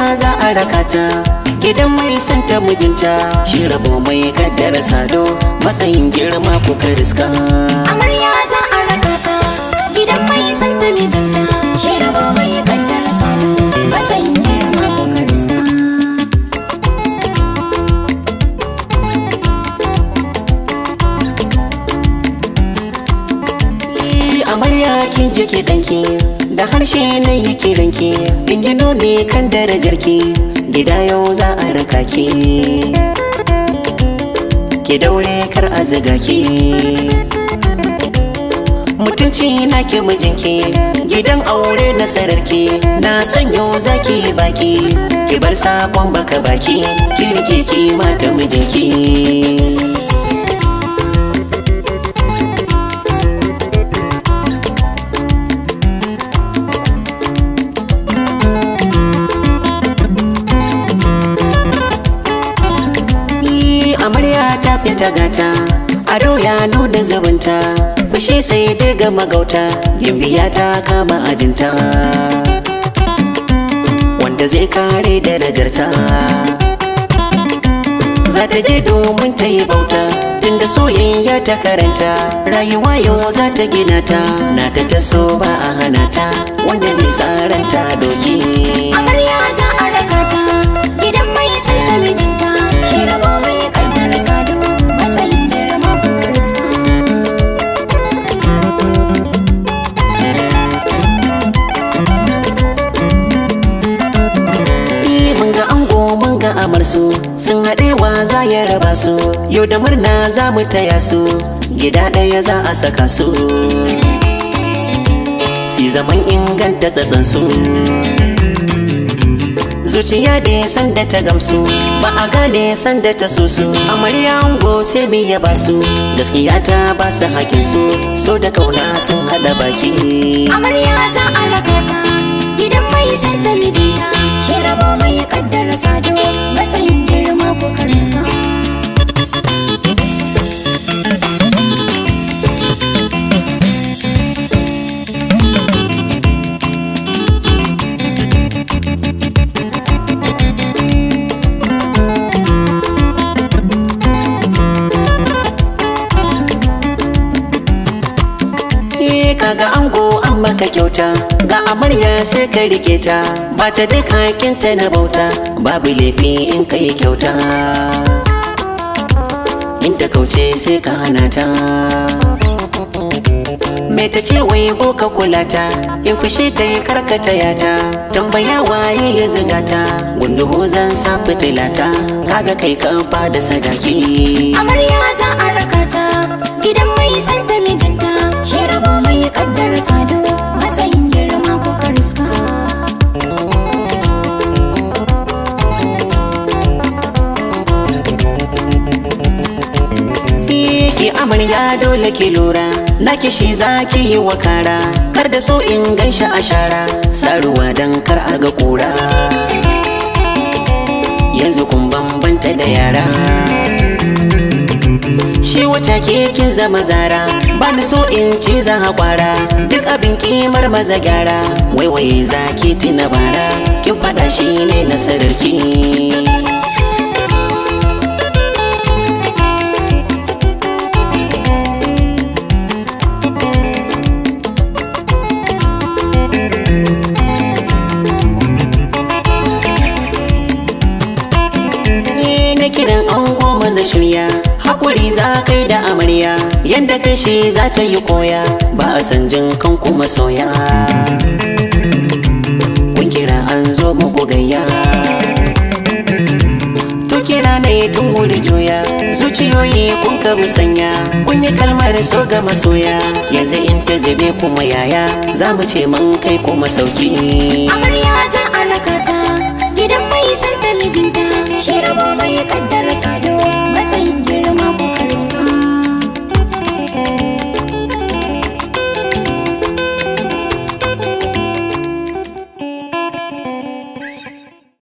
ta za a rakata gidan mai santa mijinta shi rabo mai kaddara sado matsayin girma ku kariska amarya za a rakata gidan mai santa mijinta shi rabo mai kaddara sado matsayin girma ku kariska amarya kin je ke danki da harshe na yi kiranki in gino ne kan darajarki gida yau za a raka ki ki daure kar a zaga ki mutunci na ke mijinki gidan aure na nasararki na sanyo yi baki ki bar sakon baka baki ki rike ki mata mijinki ta gata ado ya nuna zubinta fushi sai dai ga magauta yin biya ta kama ajinta wanda zai kare darajarta za ta je domin ta yi bauta tunda soyayya ta karanta rayuwa yau za ta gina ta na ta taso ba a hana ta wanda zai tsaranta doki su sun haɗewa za ya raba su yau da murna za mu taya su gida ɗaya za a saka su si zaman inganta tsatsan su zuciya da sanda ta gamsu ba a gane sanda ta so su amarya ango sai mai ya ba su gaskiya ta ba su hakin su so da kauna sun haɗa baki amarya za rakata gidan mai sanda mijinta shi rabo mai kaddara sado Ka kyauta ga amarya sai ka rike ta ba ta duk hakinta na bauta babu laifi in ka yi kyauta in ta kauce sai ka hana ta mai ta ce wai ko ka kula ta in fushe ta yi karkata yata tambaya waye ya ziga ta gundu zan sa fitilata kaga kai ka ba sadaki amarya za a ta gidan mai santa da mijinta shi raba mai a sado matsayin girma ko kariska ki amarya dole ki lura na kishi za ki yi wa kara kar da so in ganshi a shara sa ruwa don kar a ga kura yanzu kun bambanta da yara Jake kin zama zara ba so in ci zan kwara. duk abin kimar maza gyara waiwaye za ki tuna bara kin faɗa shi ne nasararki kiran shirya hakuri za kai da amarya yadda kai shi za ta yi koya ba a san jin kan kuma soya kun kira an zo muku gayya to kira na yi tun wuri juya zuciyoyi kun ka musanya kun yi kalmar so ga masoya yanzu in ta zabe kuma yaya za mu ce man kai kuma sauki amarya za a rakata gidan mai santa mijinta shi rabo mai kaddara sado matsayin gida.